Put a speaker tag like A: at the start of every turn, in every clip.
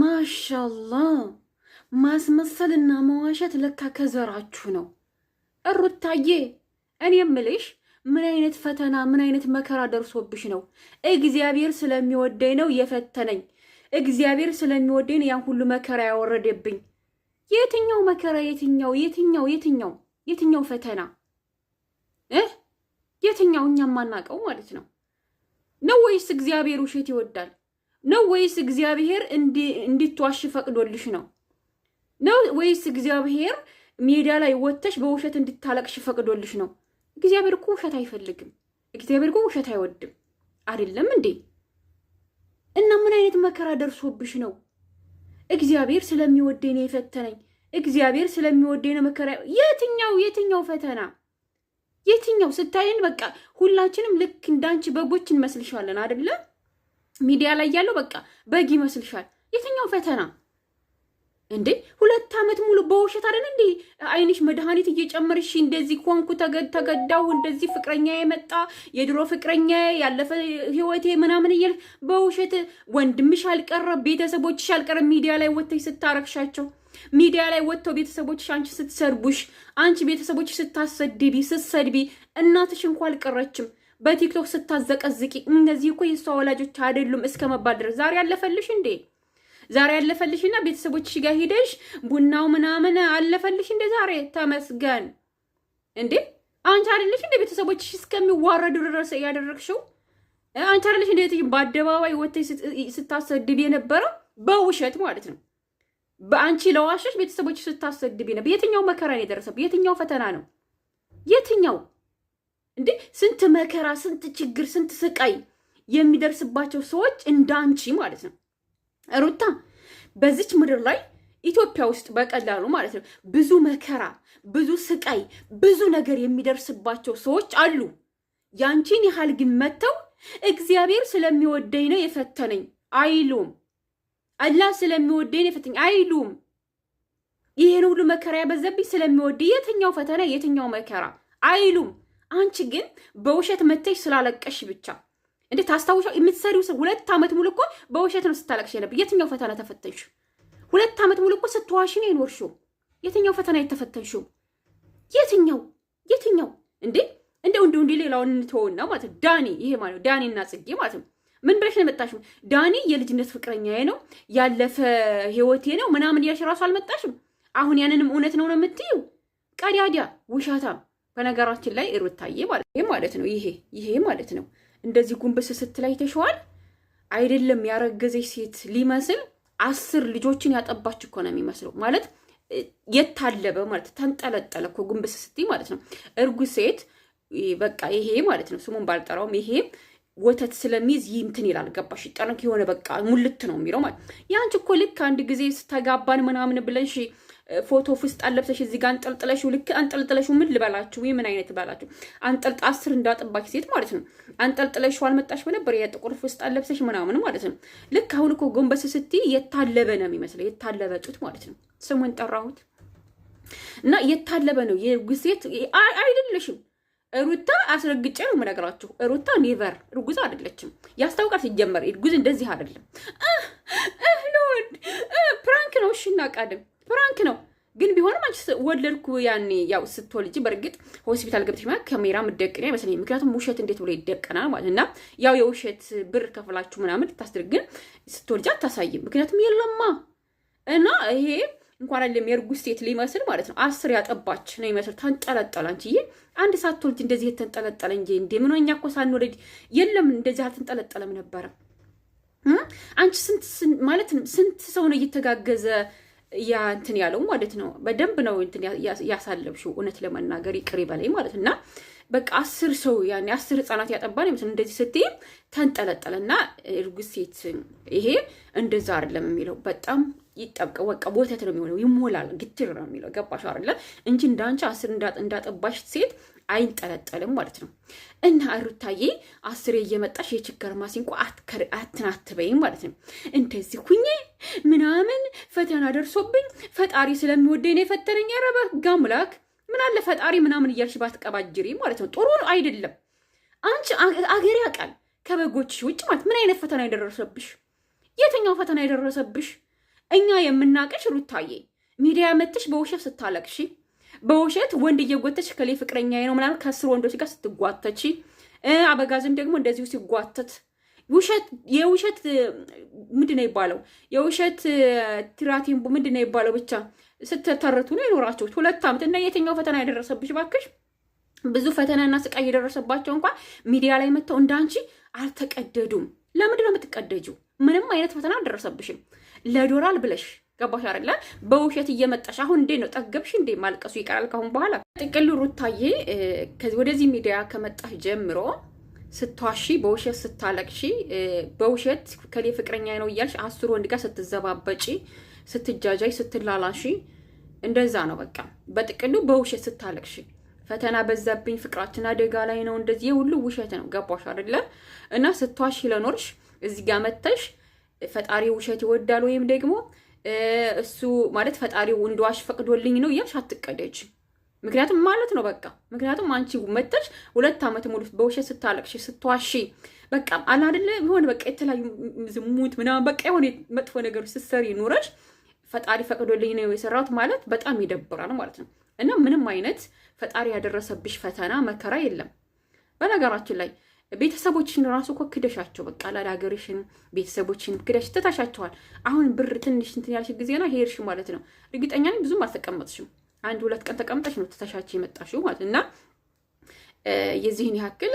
A: ማሻላ ማስመሰልና መዋሸት ለካ ከዘራችሁ ነው። እሩታዬ እኔ ምልሽ ምን አይነት ፈተና ምን አይነት መከራ ደርሶብሽ ነው? እግዚአብሔር ስለሚወደኝ ነው የፈተነኝ። እግዚአብሔር ስለሚወደኝ ያን ሁሉ መከራ ያወረደብኝ። የትኛው መከራ? የትኛው የትኛው የትኛው የትኛው ፈተና የትኛው እኛ ማናቀው ማለት ነው ነው ወይስ እግዚአብሔር ውሸት ይወዳል? ነው ወይስ እግዚአብሔር እንድትዋሽ ፈቅዶልሽ ነው? ነው ወይስ እግዚአብሔር ሜዳ ላይ ወጥተሽ በውሸት እንድታለቅሽ ፈቅዶልሽ ነው? እግዚአብሔር እኮ ውሸት አይፈልግም። እግዚአብሔር እኮ ውሸት አይወድም። አይደለም እንዴ? እና ምን አይነት መከራ ደርሶብሽ ነው? እግዚአብሔር ስለሚወደኝ ነው የፈተነኝ፣ እግዚአብሔር ስለሚወደኝ ነው መከራ። የትኛው የትኛው ፈተና የትኛው? ስታይን በቃ ሁላችንም ልክ እንዳንቺ በጎች እንመስልሻለን አይደለም ሚዲያ ላይ ያለው በቃ በግ ይመስልሻል። የትኛው ፈተና እንዴ? ሁለት ዓመት ሙሉ በውሸት አይደል እንዴ? አይንሽ መድኃኒት እየጨመርሽ እንደዚህ ኮንኩ፣ ተገዳው፣ እንደዚህ ፍቅረኛ የመጣ የድሮ ፍቅረኛ ያለፈ ህይወቴ ምናምን እያል በውሸት ወንድምሽ አልቀረ ቤተሰቦችሽ አልቀረ ሚዲያ ላይ ወጥተሽ ስታረክሻቸው ሚዲያ ላይ ወጥተው ቤተሰቦችሽ አንቺ ስትሰርቡሽ፣ አንቺ ቤተሰቦችሽ ስታሰድቢ፣ ስትሰድቢ እናትሽ እንኳ አልቀረችም። በቲክቶክ ስታዘቀዝቂ እነዚህ እኮ የእሷ ወላጆች አይደሉም እስከ መባል ድረስ ዛሬ ያለፈልሽ እንዴ? ዛሬ ያለፈልሽና ቤተሰቦችሽ ጋር ሂደሽ ቡናው ምናምን አለፈልሽ እንዴ? ዛሬ ተመስገን እንዴ? አንቺ አይደለሽ እንዴ ቤተሰቦችሽ እስከሚዋረዱ ድረስ ያደረግሽው አንቺ አይደለሽ እንደ በአደባባይ ወተሽ ስታሰድብ የነበረው በውሸት ማለት ነው። በአንቺ ለዋሸሽ ቤተሰቦችሽ ስታሰድብ የነበረ የትኛው መከራ ነው የደረሰብ? የትኛው ፈተና ነው? የትኛው እንዴ ስንት መከራ፣ ስንት ችግር፣ ስንት ስቃይ የሚደርስባቸው ሰዎች እንዳንቺ ማለት ነው ሩታ በዚች ምድር ላይ ኢትዮጵያ ውስጥ በቀላሉ ማለት ነው ብዙ መከራ፣ ብዙ ስቃይ፣ ብዙ ነገር የሚደርስባቸው ሰዎች አሉ። ያንቺን ያህል ግን መጥተው እግዚአብሔር ስለሚወደኝ ነው የፈተነኝ አይሉም። አላህ ስለሚወደኝ ነው የፈተነኝ አይሉም። ይህን ሁሉ መከራ ያበዛብኝ ስለሚወደኝ፣ የትኛው ፈተና የትኛው መከራ አይሉም። አንቺ ግን በውሸት መተሽ ስላለቀሽ ብቻ እንዴት ታስታውሻ የምትሰሪው ሁለት ዓመት ሙሉ እኮ በውሸት ነው ስታለቅሽ የነበር። የትኛው ፈተና ተፈተንሽ? ሁለት ዓመት ሙሉ እኮ ስትዋሽ ነው የኖርሽው። የትኛው ፈተና የተፈተንሽው? የትኛው የትኛው? እንዴ እንደው እንደው እንዲ ሌላውን እንትሆን ነው ማለት ዳኒ፣ ይሄ ማለት ዳኒ እና ጽጌ ማለት ነው። ምን ብለሽ ነው የመጣሽው? ዳኒ የልጅነት ፍቅረኛዬ ነው ያለፈ ህይወቴ ነው ምናምን እያልሽ ራሱ አልመጣሽም። አሁን ያንንም እውነት ነው ነው የምትይው? ቀዳዳ ውሻታም በነገራችን ላይ ሩታዬ ማለት ማለት ነው ይሄ ይሄ ማለት ነው እንደዚህ ጉንበስ ስትል አይተሽዋል አይደለም ያረገዘች ሴት ሊመስል አስር ልጆችን ያጠባች እኮ ነው የሚመስለው ማለት የታለበ ማለት ተንጠለጠለ እኮ ጉንብስ ስትይ ማለት ነው እርጉ ሴት በቃ ይሄ ማለት ነው ስሙን ባልጠራውም ይሄ ወተት ስለሚይዝ ይምትን ይላል ገባሽ ጠንክ የሆነ በቃ ሙልት ነው የሚለው ማለት ያንቺ እኮ ልክ አንድ ጊዜ ስተጋባን ምናምን ብለሽ ፎቶ ውስጥ አለብሰሽ እዚህ ጋር አንጠልጥለሽው ልክ አንጠልጥለሽ ምን ልበላችሁ፣ ወይ ምን አይነት ባላችሁ አንጠልጥ አስር እንዳጠባች ሴት ማለት ነው። አንጠልጥለሽ አልመጣሽ በነበር የጥቁር ውስጥ አለብሰሽ ምናምን ማለት ነው። ልክ አሁን እኮ ጎንበስ ስትይ የታለበ ነው የሚመስለው፣ የታለበ ጡት ማለት ነው። ስሙን ጠራሁት እና የታለበ ነው የጉሴት አይደለሽም። ሩታ አስረግጬ ነው የምነግራችሁ። ሩታ ኔቨር እርጉዝ አይደለችም። ያስታውቃል። ሲጀመር እርጉዝ እንደዚህ አይደለም። ለወንድ ፕራንክ ነው። እሺ እናቃድም ፕራንክ ነው ግን ቢሆንም አንቺ ወለድኩ ያኔ ያው ስትወልጂ በእርግጥ ሆስፒታል ገብተሽ ማለት ካሜራ ምደቅን አይመስለኝም። ምክንያቱም ውሸት እንዴት ብሎ ይደቀናል ማለት እና ያው የውሸት ብር ከፍላችሁ ምናምን ልታስደርግ ግን ስትወልጂ አታሳይም። ምክንያቱም የለማ እና ይሄ እንኳን አለም የእርጉ ሴት ሊመስል ማለት ነው አስር ያጠባች ነው ይመስል ተንጠለጠለ። አንቺዬ አንድ ሳትወልጂ እንደዚህ የተንጠለጠለ እንጂ እንዴ ምን እኛ እኮ ሳንወልድ የለም እንደዚህ አልተንጠለጠለም ነበረ። አንቺ ስንት ማለት ስንት ሰው ነው እየተጋገዘ ያ እንትን ያለው ማለት ነው። በደንብ ነው እንትን ያሳለብሽው እውነት ለመናገር ይቅር ይበላይ ማለት እና በቃ አስር ሰው ያኔ አስር ህጻናት ያጠባን ይመስል እንደዚህ ስትይ ተንጠለጠለና እርጉዝ ሴት ይሄ እንደዛ አይደለም የሚለው በጣም ይጠብቀ በቃ ወተት ነው የሚሆነው፣ ይሞላል፣ ግትር ነው የሚለው ገባሽ አለ እንጂ እንዳንቺ አስር እንዳጠባሽ ሴት አይንጠለጠልም ማለት ነው። እና እሩታዬ አስሬ እየመጣሽ የችግር ማሲንቆ አትናትበይም ማለት ነው። እንደዚህ ሁኜ ምናምን ፈተና ደርሶብኝ ፈጣሪ ስለሚወደኝ ነው የፈተነኝ። ኧረ በህግ አምላክ ምን አለ ፈጣሪ ምናምን እያልሽ ባትቀባጅሪ ማለት ነው። ጥሩ አይደለም። አንቺ አገር ያውቃል ከበጎችሽ ውጭ ማለት ምን አይነት ፈተና የደረሰብሽ? የትኛው ፈተና የደረሰብሽ? እኛ የምናቀሽ ሩታዬ፣ ሚዲያ መትሽ በውሸት ስታለቅሺ፣ በውሸት ወንድ እየጎተች ከሌ ፍቅረኛ ነው ምናምን ከስር ወንዶች ጋር ስትጓተች፣ አበጋዝም ደግሞ እንደዚሁ ሲጓተት ውሸት የውሸት ምንድን ነው ይባለው? የውሸት ቲራቲምቡ ምንድን ነው ይባለው? ብቻ ስትተርቱ ነው የኖራችሁት ሁለት ዓመት እና የትኛው ፈተና የደረሰብሽ ባክሽ? ብዙ ፈተናና ስቃይ የደረሰባቸው እንኳን ሚዲያ ላይ መጥተው እንዳንቺ አልተቀደዱም። ለምንድን ነው የምትቀደጁ? ምንም አይነት ፈተና አልደረሰብሽም። ለዶላር ብለሽ ገባሽ አይደለ? በውሸት እየመጣሽ አሁን እንዴ ነው ጠገብሽ እንዴ? ማልቀሱ ይቀራል ካሁን በኋላ። ጥቅል ሩታዬ ወደዚህ ሚዲያ ከመጣሽ ጀምሮ ስትዋሺ በውሸት ስታለቅሺ በውሸት ከሌ ፍቅረኛ ነው እያልሽ አስር ወንድ ጋር ስትዘባበጪ ስትጃጃይ ስትላላሺ እንደዛ ነው በቃ በጥቅሉ በውሸት ስታለቅሺ ፈተና በዛብኝ ፍቅራችን አደጋ ላይ ነው እንደዚህ ሁሉ ውሸት ነው ገባሽ አይደለ እና ስትዋሺ ለኖርሽ እዚህ ጋር መተሽ ፈጣሪ ውሸት ይወዳል ወይም ደግሞ እሱ ማለት ፈጣሪው እንድዋሽ ፈቅዶልኝ ነው እያልሽ አትቀደጅ ምክንያቱም ማለት ነው በቃ ምክንያቱም አንቺ መጥተሽ ሁለት ዓመት ሙሉ በውሸት ስታለቅሽ ስትዋሺ በቃ አላደለ የሆነ በቃ የተለያዩ ዝሙት ምናምን በቃ የሆነ መጥፎ ነገር ስትሰሪ ኑረሽ ፈጣሪ ፈቅዶልኝ ነው የሰራሁት ማለት በጣም ይደብራል ማለት ነው። እና ምንም አይነት ፈጣሪ ያደረሰብሽ ፈተና መከራ የለም። በነገራችን ላይ ቤተሰቦችን ራሱ እኮ ክደሻቸው በቃ ላል ሀገርሽን ቤተሰቦችን ክደሽ ትታሻቸዋል። አሁን ብር ትንሽ እንትን ያልሽ ጊዜ ሄድሽ ማለት ነው። እርግጠኛ ብዙም አልተቀመጥሽም። አንድ ሁለት ቀን ተቀምጠሽ ነው ተሻች የመጣሽው ማለት እና የዚህን ያክል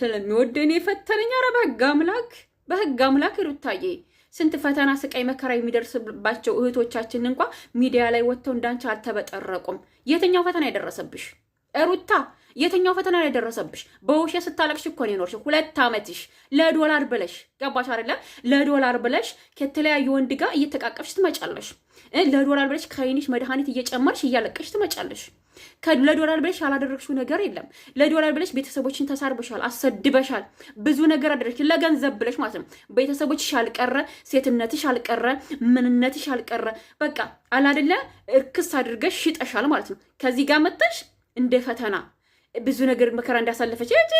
A: ስለሚወድ እኔ የፈተነኝ ኧረ በህግ አምላክ በህግ አምላክ ሩታዬ ስንት ፈተና ስቃይ መከራ የሚደርስባቸው እህቶቻችን እንኳ ሚዲያ ላይ ወጥተው እንዳንቺ አልተበጠረቁም። የትኛው ፈተና የደረሰብሽ? ሩታ የትኛው ፈተና ነው የደረሰብሽ? በውሸት ስታለቅሽ እኮ ነው የኖርሽ ሁለት ዓመትሽ። ለዶላር ብለሽ ገባሽ አለ ለዶላር ብለሽ ከተለያዩ ወንድ ጋር እየተቃቀፍሽ ትመጫለሽ። ለዶላር ብለሽ ከአይንሽ መድኃኒት እየጨመርሽ እያለቀሽ ትመጫለሽ። ለዶላር ብለሽ ያላደረግሽው ነገር የለም። ለዶላር ብለሽ ቤተሰቦችን ተሳርበሻል፣ አሰድበሻል፣ ብዙ ነገር አደረግሽ። ለገንዘብ ብለሽ ማለት ነው። ቤተሰቦችሽ አልቀረ፣ ሴትነትሽ አልቀረ፣ ምንነትሽ አልቀረ። በቃ አላደለ እርክስ አድርገሽ ሽጠሻል ማለት ነው። ከዚህ ጋር መጥተሽ እንደ ፈተና ብዙ ነገር መከራ እንዳሳለፈች እጭ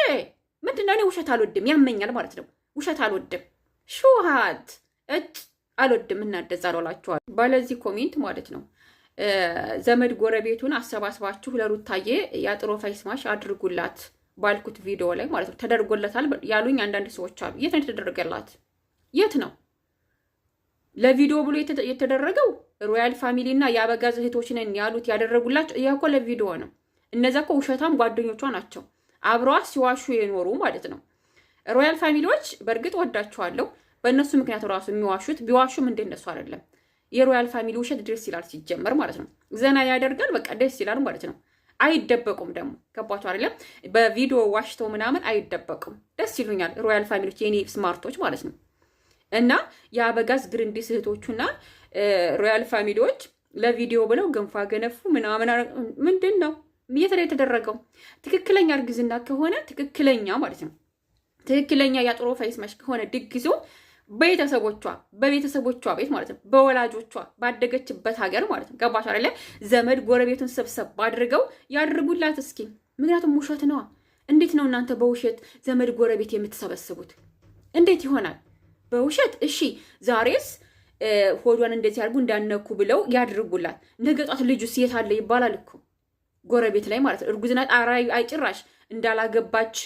A: ምንድን ነው? እኔ ውሸት አልወድም፣ ያመኛል ማለት ነው። ውሸት አልወድም፣ ሹሃት እጭ አልወድም። እናደዛ ላችኋል ባለዚህ ኮሜንት ማለት ነው። ዘመድ ጎረቤቱን አሰባስባችሁ ለሩታዬ የአጥሮ ፋይስማሽ አድርጉላት ባልኩት ቪዲዮ ላይ ማለት ነው ተደርጎለታል ያሉኝ አንዳንድ ሰዎች አሉ። የት ነው የተደረገላት? የት ነው ለቪዲዮ ብሎ የተደረገው? ሮያል ፋሚሊ እና የአበጋዝ እህቶችን ያሉት ያደረጉላቸው ያኮ ለቪዲዮ ነው። እነዚያ እኮ ውሸታም ጓደኞቿ ናቸው፣ አብረዋ ሲዋሹ የኖሩ ማለት ነው። ሮያል ፋሚሊዎች በእርግጥ ወዳቸዋለሁ። በእነሱ ምክንያት ራሱ የሚዋሹት ቢዋሹም እንደነሱ አይደለም። የሮያል ፋሚሊ ውሸት ደስ ይላል ሲጀመር ማለት ነው። ዘና ያደርጋል፣ በቃ ደስ ይላል ማለት ነው። አይደበቁም ደግሞ ገባቸው አይደለም። በቪዲዮ ዋሽተው ምናምን አይደበቁም። ደስ ይሉኛል ሮያል ፋሚሊዎች የኔ ስማርቶች ማለት ነው። እና የአበጋዝ ግርንዲ ስህቶቹና ሮያል ፋሚሊዎች ለቪዲዮ ብለው ገንፋ ገነፉ ምናምን ምንድን ነው? የት ላይ የተደረገው? ትክክለኛ እርግዝና ከሆነ ትክክለኛ ማለት ነው ትክክለኛ የአጥሮ ፋይስ ከሆነ ድግዞ በቤተሰቦቿ በቤተሰቦቿ ቤት ማለት ነው በወላጆቿ ባደገችበት ሀገር ማለት ነው ገባሽ አይደለ? ዘመድ ጎረቤቱን ሰብሰብ አድርገው ያድርጉላት እስኪ። ምክንያቱም ውሸት ነዋ። እንዴት ነው እናንተ በውሸት ዘመድ ጎረቤት የምትሰበስቡት? እንዴት ይሆናል? በውሸት እሺ፣ ዛሬስ ሆዷን እንደዚህ ያድርጉ እንዳነኩ ብለው ያድርጉላት። ነገጧት ልጁ ስየት አለ ይባላል እኮ ጎረቤት ላይ ማለት ነው። እርጉዝ ናት አይጭራሽ እንዳላገባች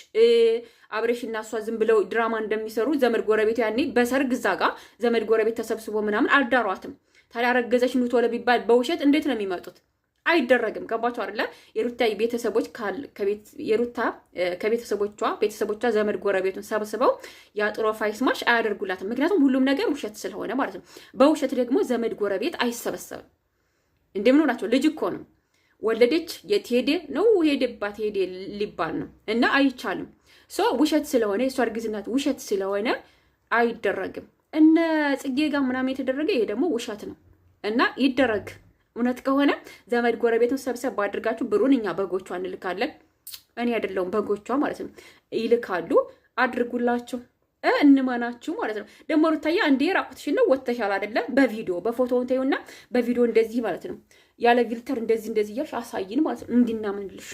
A: አብሬሽ እና እሷ ዝም ብለው ድራማ እንደሚሰሩ ዘመድ ጎረቤት ያኔ በሰርግ እዛ ጋ ዘመድ ጎረቤት ተሰብስቦ ምናምን አልዳሯትም። ታዲያ ረገዘች ኑቶ ለሚባል በውሸት እንዴት ነው የሚመጡት? አይደረግም። ገባቸው አይደለ? የሩታ ቤተሰቦች የሩታ ከቤተሰቦቿ ቤተሰቦቿ ዘመድ ጎረቤቱን ሰብስበው የአጥሮ ፋይስማሽ አያደርጉላትም። ምክንያቱም ሁሉም ነገር ውሸት ስለሆነ ማለት ነው። በውሸት ደግሞ ዘመድ ጎረቤት አይሰበሰብም። እንደምን ሆናቸው ልጅ እኮ ነው ወለደች የት ሄደ ነው ሄደባት ሄደ ሊባል ነው እና አይቻልም። ሶ ውሸት ስለሆነ የእሷ እርግዝናት ውሸት ስለሆነ አይደረግም። እነ ጽጌ ጋር ምናምን የተደረገ ይሄ ደግሞ ውሸት ነው እና ይደረግ እውነት ከሆነ ዘመድ ጎረቤቱን ሰብሰብ ባድርጋችሁ ብሩን እኛ በጎቿ እንልካለን። እኔ አይደለሁም በጎቿ ማለት ነው ይልካሉ። አድርጉላቸው እንመናችሁ ማለት ነው። ደግሞ ሩታያ እንዴ ራቁትሽን ነው ወጥተሻል አይደለም? በቪዲዮ በፎቶ ተይውና በቪዲዮ እንደዚህ ማለት ነው ያለ ፊልተር እንደዚህ እንደዚህ እያልሽ አሳይን ማለት ነው እንድናምንልሽ።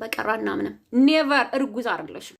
A: በቀራ እናምንም ኔቨር እርጉዝ አይደለሽም።